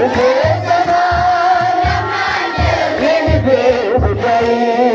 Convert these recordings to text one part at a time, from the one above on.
Thank you.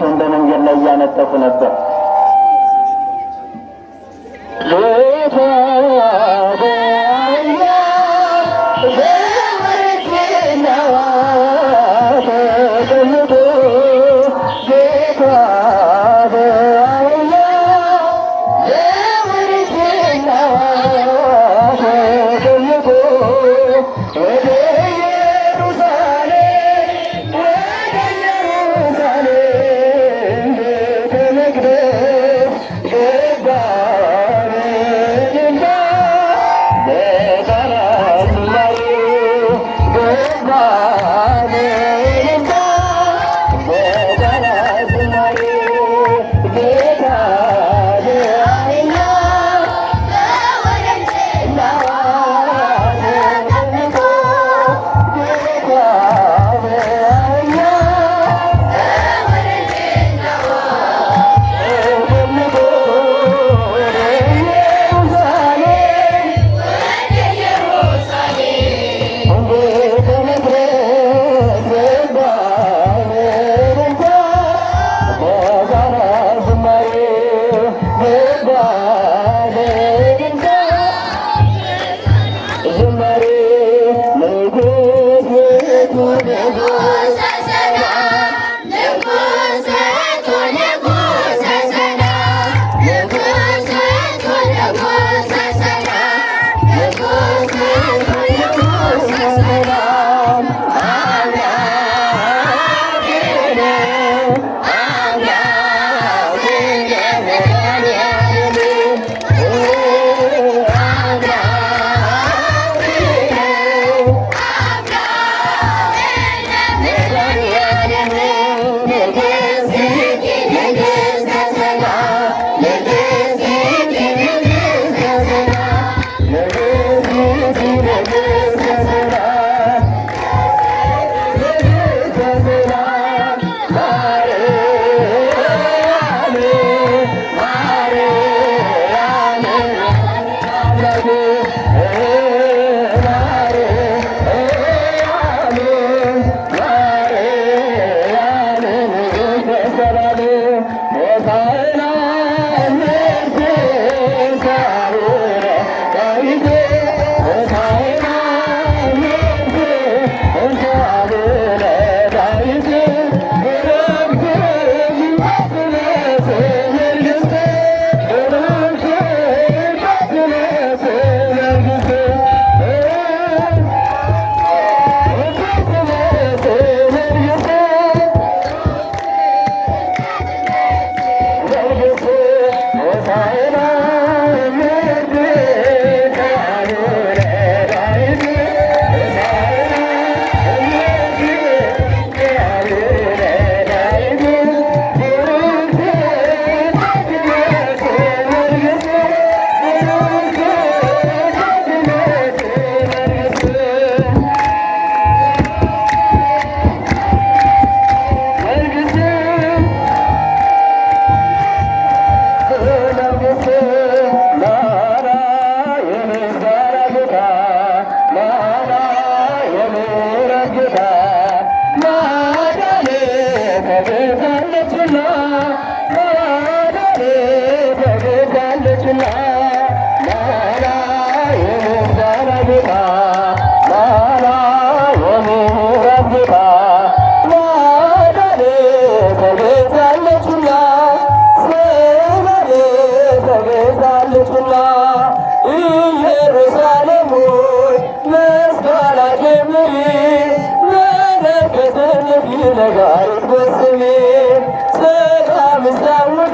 ሰዎቻቸው በመንገድ ላይ እያነጠፉ ነበር።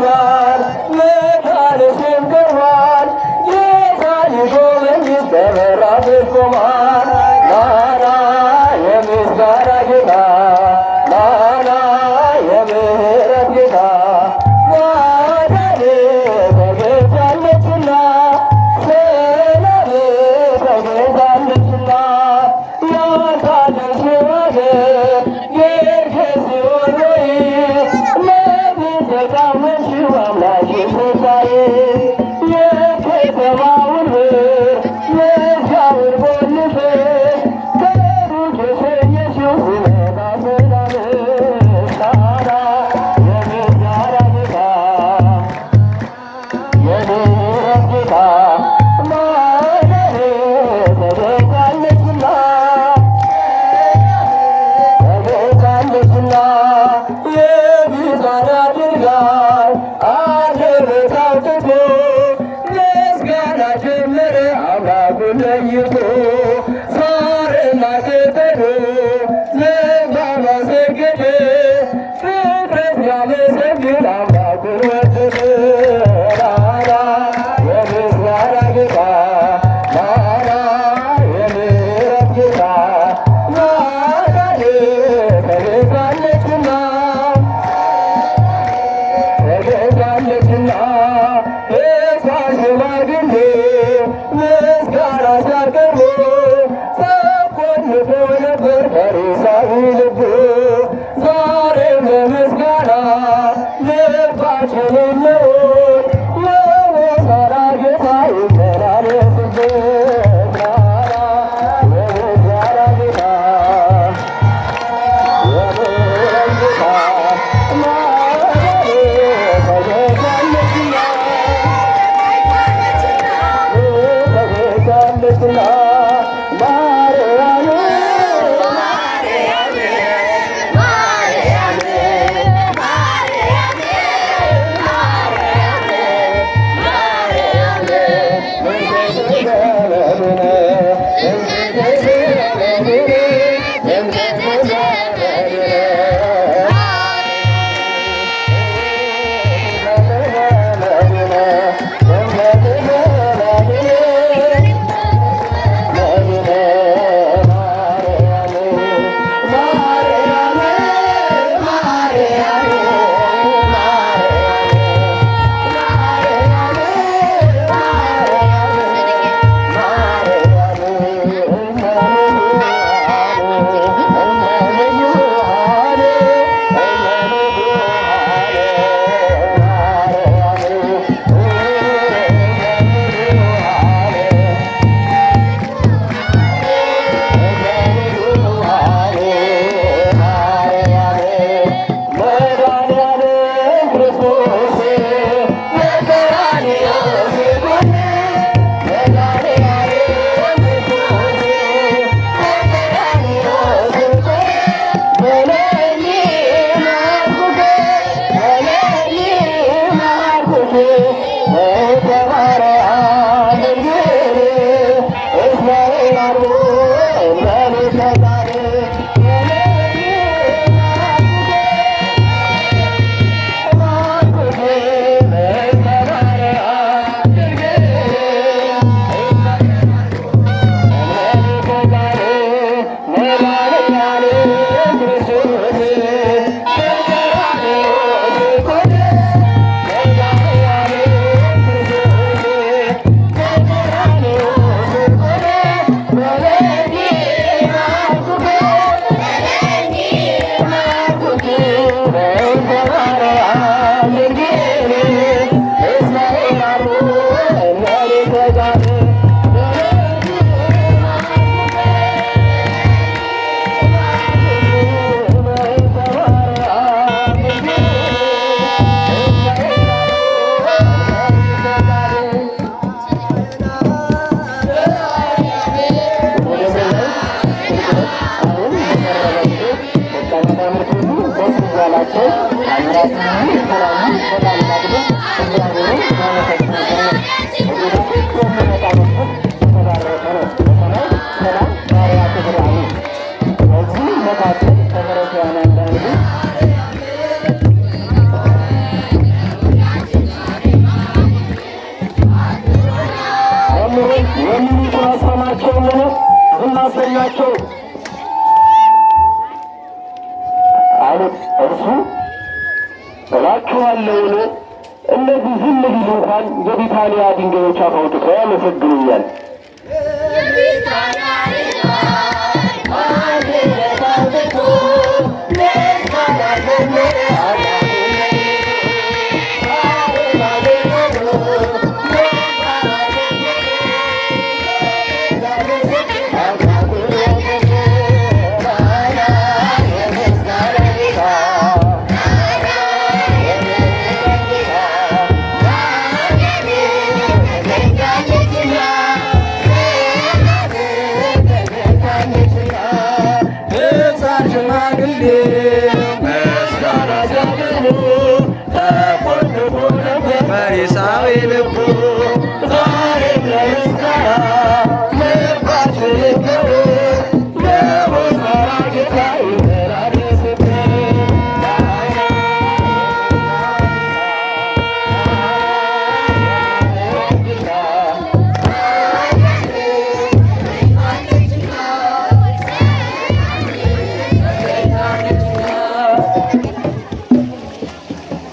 가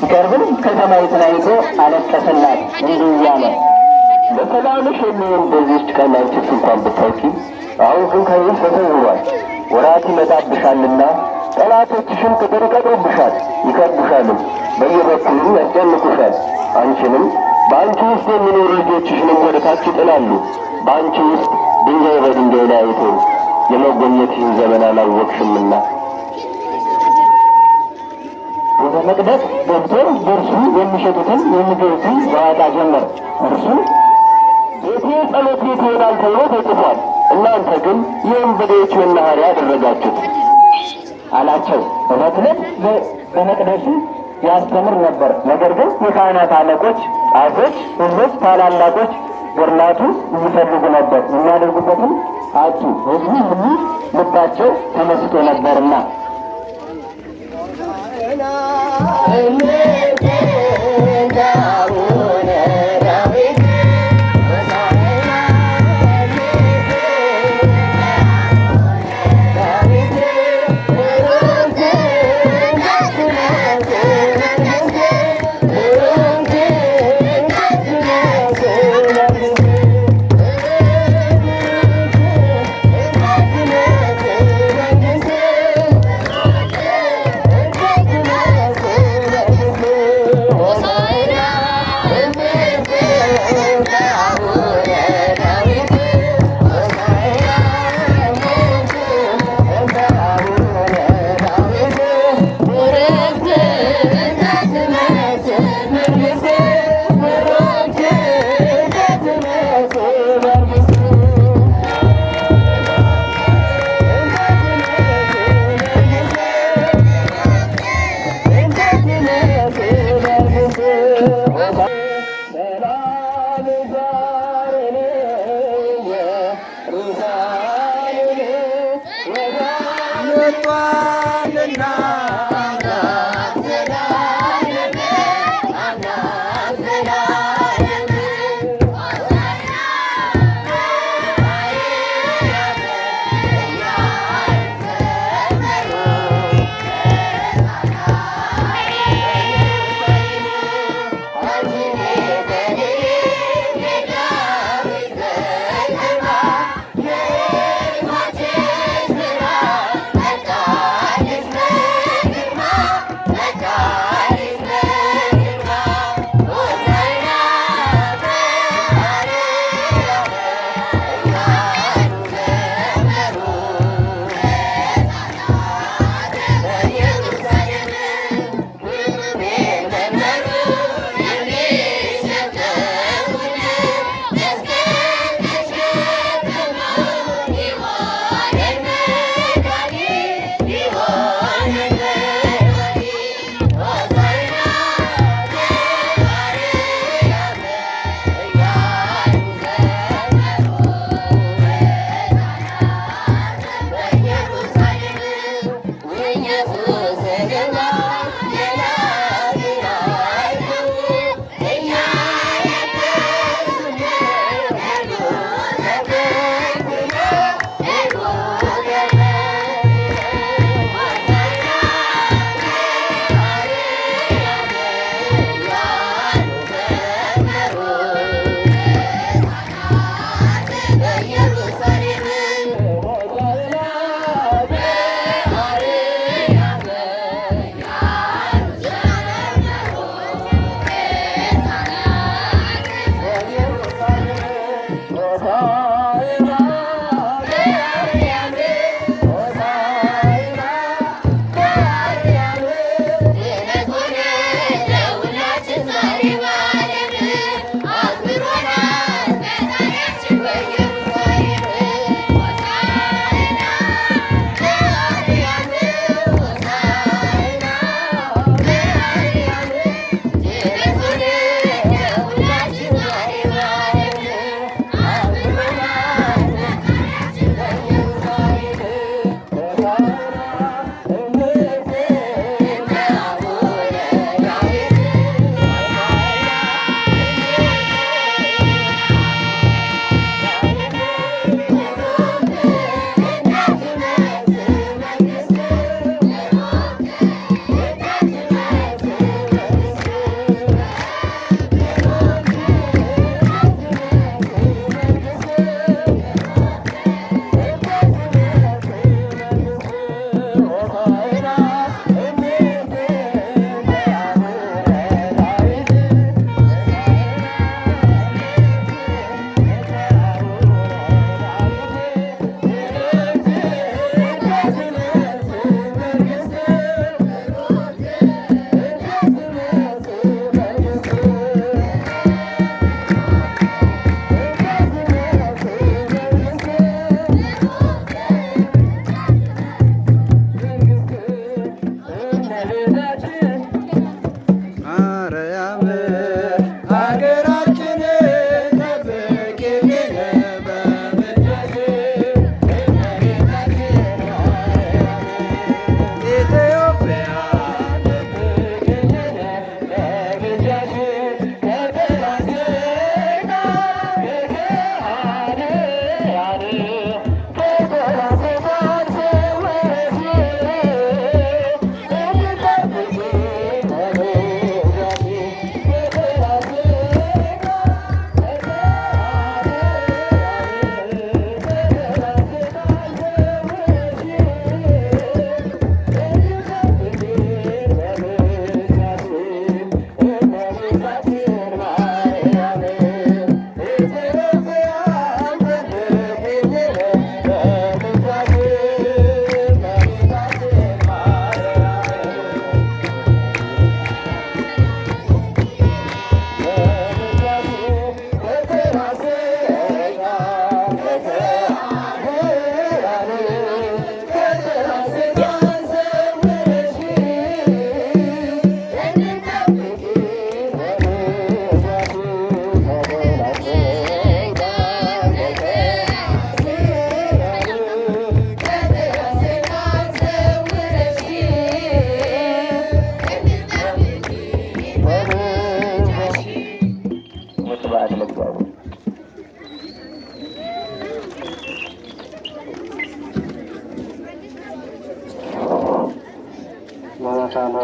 ሲቀርብም ከተማይቱን አይቶ አለቀሰላት፣ እንዲህ እያለ በሰላምሽ የሚሆን በዚህች ቀን አንቺስ እንኳን ብታውቂ፣ አሁን ግን ከይህ ተሰውሯል። ወራት ይመጣብሻልና ጠላቶችሽም ቁጥር ይቀጥሩብሻል፣ ይከቡሻልም፣ በየበኩሉ ያስጨንቁሻል። አንቺንም በአንቺ ውስጥ የሚኖሩ ልጆችሽንም ወደ ታች ይጥላሉ። በአንቺ ውስጥ ድንጋይ በድንጋይ ላይ አይቶ የመጎኘትሽን ዘመን አላወቅሽምና በመቅደስ ገብቶ በእርሱ የሚሸጡትን የሚገዙትን ያወጣ ጀመር። እርሱ ቤቴ ጸሎት ቤት ይሆናል ተብሎ ተጽፏል፣ እናንተ ግን የወንበዴዎች መናኸሪያ አደረጋችሁት አላቸው። እለት በመቅደሱ ያስተምር ነበር። ነገር ግን የካህናት አለቆች፣ ጻፎች፣ ሕዝቦች ታላላቆች ገድላቱ ይፈልጉ ነበር፣ የሚያደርጉበትም አጡ። ሕዝቡ ሁሉ ልባቸው ተመስጦ ነበርና Amen.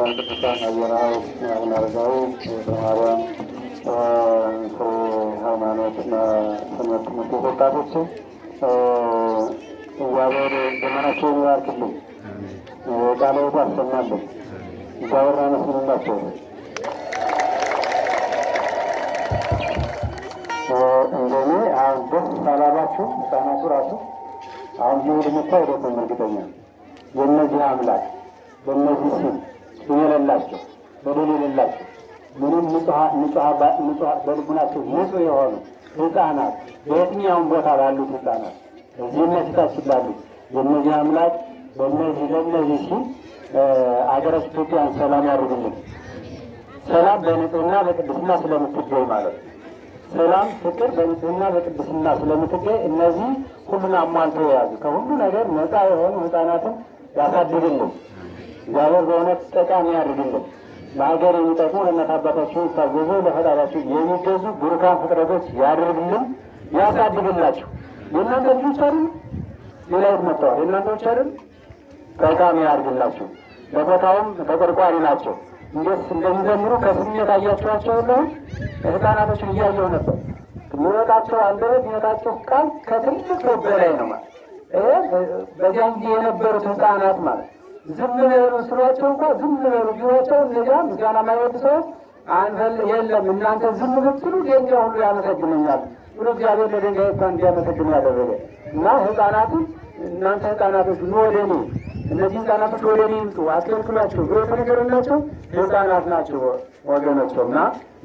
የተቻለ አየራው አቡናርጋዊ የማርያም ሃይማኖት ትምህርት ምክር ወጣቶች እግዚአብሔር ዘመናቸው ይባርክልን፣ ቃለውቱ አሰማልን፣ እግዚአብሔር አመስግንላቸው። እንደኔ አሁን ደስ አላላችሁ? ህፃናቱ ራሱ አሁን ሊሄድ መቻ አይደለም። እርግጠኛ የእነዚህ አምላክ በእነዚህ ስም የሌላቸው በደል የሌላቸው ምንም በልቡናቸው ንጹሕ የሆኑ ህፃናት በየትኛውም ቦታ ባሉት ህፃናት ሕፃናት እነዚህ ፊታችን ባሉት የእነዚህ አምላክ በእነዚህ ለእነዚህ ሲል አገረ ኢትዮጵያን ሰላም ያድርግልን። ሰላም በንጽህና በቅድስና ስለምትገኝ ማለት ነው። ሰላም፣ ፍቅር በንጽህና በቅድስና ስለምትገኝ እነዚህ ሁሉን አሟልተው የያዙ ከሁሉ ነገር ነፃ የሆኑ ህፃናትን ያሳድግልን። እግዚአብሔር በእውነት ጠቃሚ ያደርግልን። በሀገር የሚጠቅሙ ለእናት አባታችሁ ታገዙ ለፈጣሪያችሁ የሚገዙ ቡሩካን ፍጥረቶች ያደርግልን፣ ያሳድግላቸው። የእናንተ ልጆች አይደል? ሌላዊት መጥተዋል። የእናንተ ልጆች አይደል? ጠቃሚ ያደርግላቸው። በቦታውም ተቆርቋሪ ናቸው። እንዴት እንደሚዘምሩ ከስሜት አያቸዋቸው ለሁ ህፃናቶችን እያየሁ ነበር። የሚወጣቸው አንደበት የሚወጣቸው ቃል ከትልቅ በላይ ነው ማለት ይሄ በዚያን ጊዜ የነበሩት ህፃናት ማለት ዝም በሉ ስሏቸው እንኳ ዝም በሉ ቢሏቸው እነዚያ ምስጋና የማይወድ ሰው አንፈል የለም። እናንተ ዝም ብትሉ ድንጋይ ሁሉ ያመሰግነኛል ብሎ እግዚአብሔር ለድንጋይ እንኳ እንዲያመሰግኑ ያደረገ እና ህፃናትም እናንተ ህፃናቶች ኑ ወደ እኔ፣ እነዚህ ህፃናቶች ወደ እኔ ይምጡ አስከልክሏቸው ብሎ የተነገረላቸው ህፃናት ናቸው ወገኖቸው። እና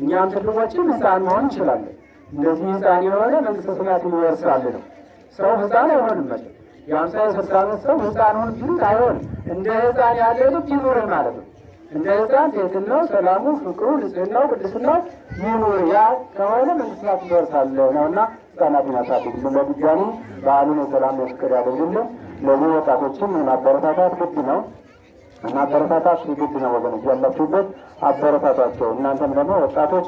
እኛም ትልቆችም ህፃን መሆን እንችላለን። እንደዚህ ህፃን የሆነ መንግስተ ሰማያትን ይወርሳል ነው። ሰው ህፃን አይሆንም መቼም የአምሳ የስልሳ ዓመት ሰው ህፃን ሆን ቢሉት አይሆን። እንደ ህፃን ያለ ልብ ይኑርህ ማለት ነው። እንደ ህፃን ትህትናው፣ ሰላሙ፣ ፍቅሩ፣ ንጽህናው፣ ቅድስናው ይኑር። ያ ከሆነ መንግስታት ይደርሳለሁ ነው እና ህፃናትን ያሳድግልን። ለድጋሚ በዓሉን የሰላም የፍቅር ያደርግልን። ለዚህ ወጣቶችም ማበረታታት ግድ ነው እና አበረታታት ግድ ነው ወገኖች፣ ያላችሁበት አበረታታቸው። እናንተም ደግሞ ወጣቶች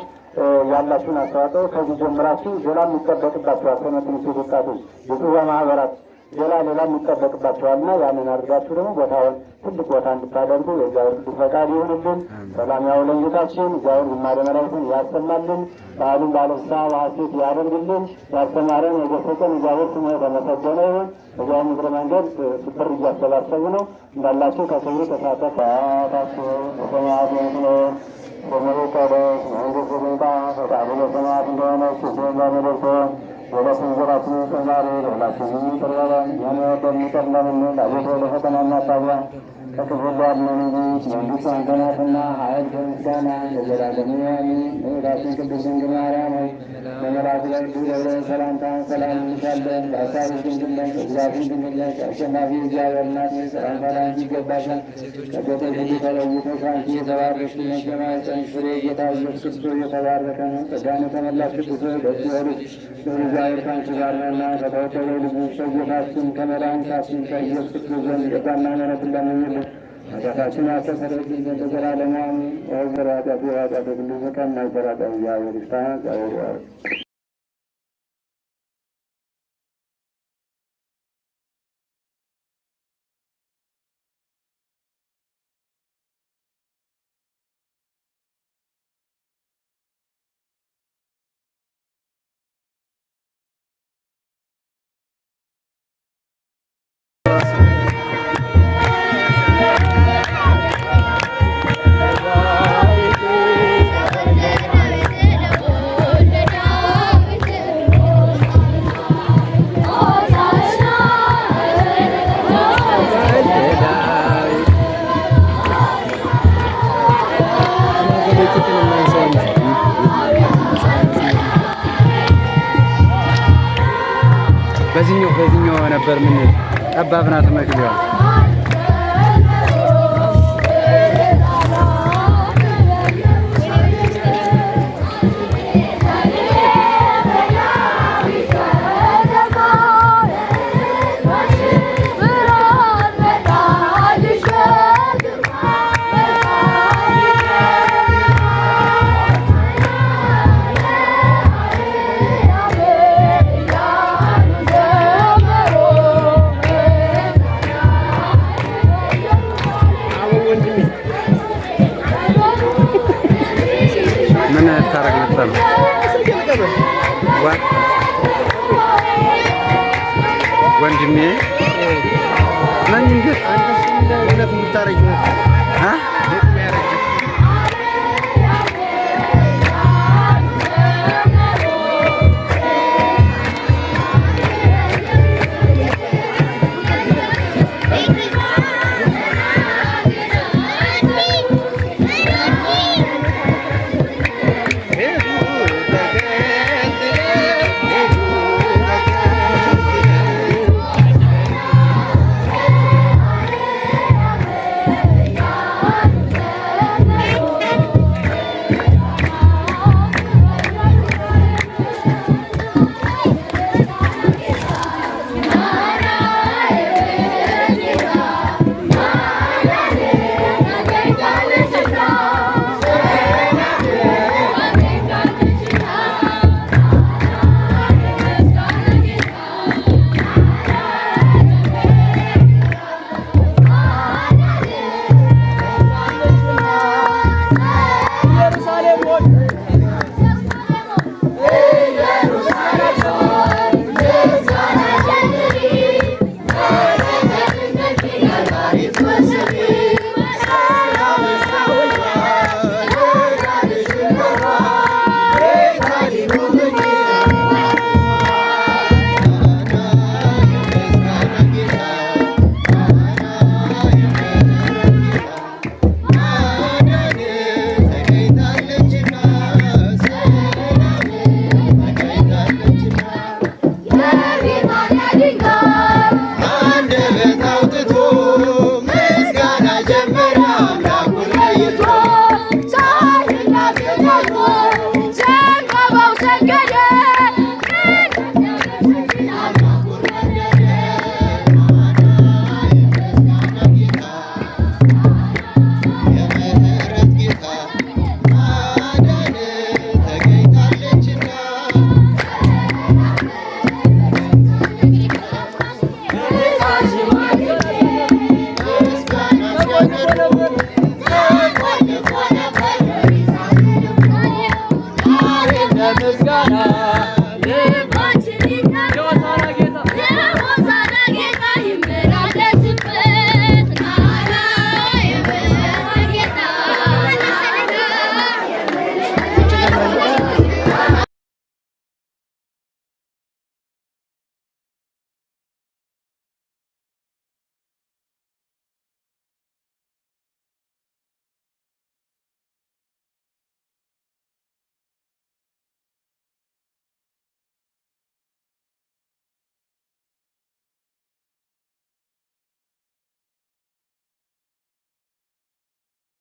ያላችሁን አስተዋጽኦ ከዚህ ጀምራችሁ ሌላ የሚጠበቅባቸው ትምህርት ወጣቶች የጽዋ ማህበራት ሌላ ሌላም ይጠበቅባቸዋልና ያንን አድርጋችሁ ደግሞ ቦታውን ትልቅ ቦታ እንድታደርጉ የእግዚአብሔር ቅዱስ ፈቃድ ይሁንልን። ሰላም ያውለን ጌታችን። እግዚአብሔር ዝማሬ መላእክቱን ያሰማልን፣ በዓሉን ባለሳ በሐሴት ያደርግልን። ያስተማረን የገሰጸን እግዚአብሔር ስሙ የተመሰገነ ይሁን። እዚያ ምድረ መንገድ ስብር እያሰባሰቡ ነው እንዳላቸው ከሰብሩ ተሳተፍ ታቸው ሰማያት ንትኖ ሰመሩ ቀደስ መንግስት ስንጣ ፈቃዱ በሰማያት እንደሆነ ሲሆን በምድር ሲሆን ولكن يجب ان يكون هناك ተክብሮባድመንጊት መንግስት አንተ ናትና ኃይል በምስጋና ለዘላለሙ አሜን። እመቤታችን ቅድስት ድንግል ማርያም ሆይ በመላኩ ላይ ደብረ ሰላምታ ሰላም እንልሻለን። በሀሳብሽ ድንግል ነሽ፣ በሥጋሽ ድንግል ነሽ። አሸናፊ እግዚአብሔር እናት ሆይ ሰላምታ ላንቺ ይገባሻል። ከሴቶች ሁሉ ተለይተሽ አንቺ የተባረክሽ ነሽ፣ የማኅፀንሽ ፍሬ ጌታ ኢየሱስ ክርስቶስ የተባረከ ነው። ጸጋን የተመላሽ ቅድስት ሆይ ደስ ይበልሽ፣ ልዑል እግዚአብሔር ካንቺ ጋር ነውና ከተወደደው ልጅሽ ከጌታችን ከመድኃኒታችን ከኢየሱስ ክርስቶስ ዘንድ ይቅርታና ምሕረትን ለምኝልን ኃጢአታችን አስተሰርይልኝ ለዘላለሙ አሜን። ወዘር ኃጢአት ኃጢአት ሁሉ ዘቀን ማይሰራ ጠብያ ወሪስታ ጸሩ በዚህኛው በዚህኛው ነበር ምን ጠባብ ናት መግቢያው።